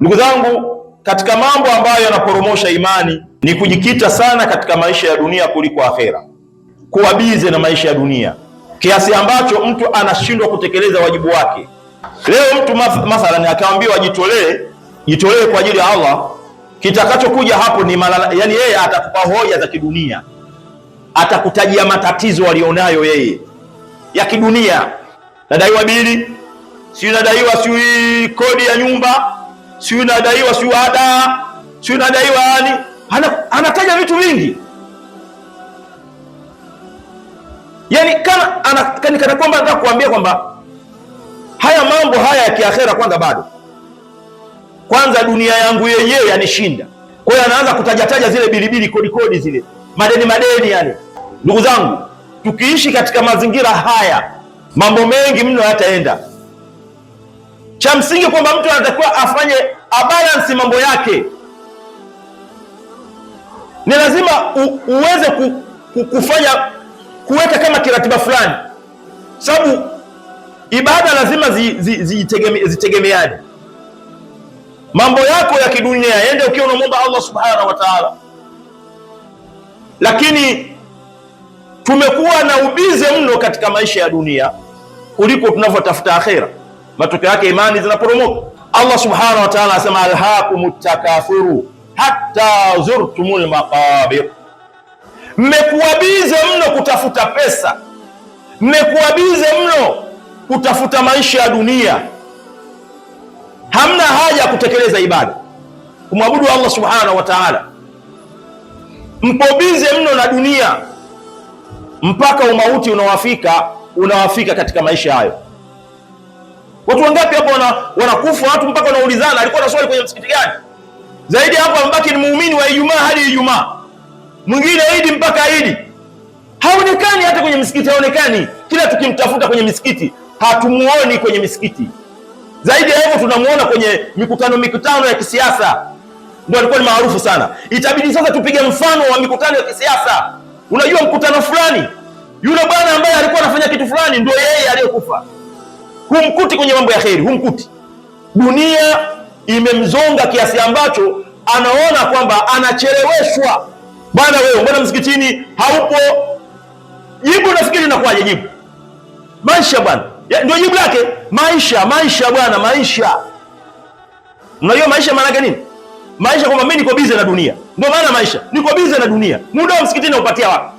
Ndugu zangu, katika mambo ambayo yanaporomosha imani ni kujikita sana katika maisha ya dunia kuliko akhera, kuwa bize na maisha ya dunia kiasi ambacho mtu anashindwa kutekeleza wajibu wake. Leo mtu mathalan akaambiwa ajitolee, jitolee kwa ajili ya Allah, kitakachokuja hapo ni malala, yani yeye atakupa hoja za kidunia, atakutajia matatizo alionayo yeye ya kidunia, nadaiwa bili, si nadaiwa si kodi ya nyumba si unadaiwa, si ada, si unadaiwa, yani anataja vitu vingi yani kana, ana, kana, kwamba nataka kuambia kwamba haya mambo haya ya kiakhera kwanza bado kwanza dunia yangu yenyewe yanishinda. Kwa hiyo anaanza kutajataja zile bilibili kodi kodi zile madeni madeni yani. Ndugu zangu, tukiishi katika mazingira haya mambo mengi mno yataenda cha msingi kwamba mtu anatakiwa afanye abalansi mambo yake. Ni lazima u, uweze ku, ku, kufanya kuweka kama kiratiba fulani, sababu ibada lazima zitegemeane zi, zi, zi, mambo yako ya kidunia yaende ukiwa unamwomba Allah subhanahu wa ta'ala, lakini tumekuwa na ubize mno katika maisha ya dunia kuliko tunavyotafuta akhera matokeo yake imani zinaporomoka. Allah subhanahu wa ta'ala anasema alhakumut takathuru hatta zurtumul maqabir, mmekuwa bize mno kutafuta pesa, mmekuwa bize mno kutafuta maisha ya dunia, hamna haja ya kutekeleza ibada, kumwabudu Allah subhanahu wa ta'ala. Mpo bize mno na dunia mpaka umauti unawafika, unawafika katika maisha hayo. Watu wangapi hapo wana, wanakufa, watu mpaka wanaulizana alikuwa anaswali kwenye msikiti gani? Zaidi hapo amebaki ni muumini wa Ijumaa hadi Ijumaa, mwingine Idi mpaka Idi. Haonekani hata kwenye msikiti, haonekani. Kila tukimtafuta kwenye misikiti hatumuoni kwenye misikiti. Zaidi ya hivyo, tunamuona kwenye mikutano mikutano ya kisiasa, ndio alikuwa ni maarufu sana. Itabidi sasa tupige mfano wa mikutano ya kisiasa. Unajua mkutano fulani, yule bwana ambaye alikuwa anafanya kitu fulani, ndio yeye aliyekufa humkuti kwenye mambo ya kheri, humkuti. Dunia imemzonga kiasi ambacho anaona kwamba anacheleweshwa. Bwana wewe, mbona msikitini haupo? Jibu nafikiri nakuaje? Jibu maisha bwana, ndio jibu lake. Maisha, maisha bwana, maisha. Unajua maisha maana yake nini? Maisha kwamba mimi niko bize na dunia, ndio maana maisha, niko bize na dunia. Muda wa msikitini naupatia wapi?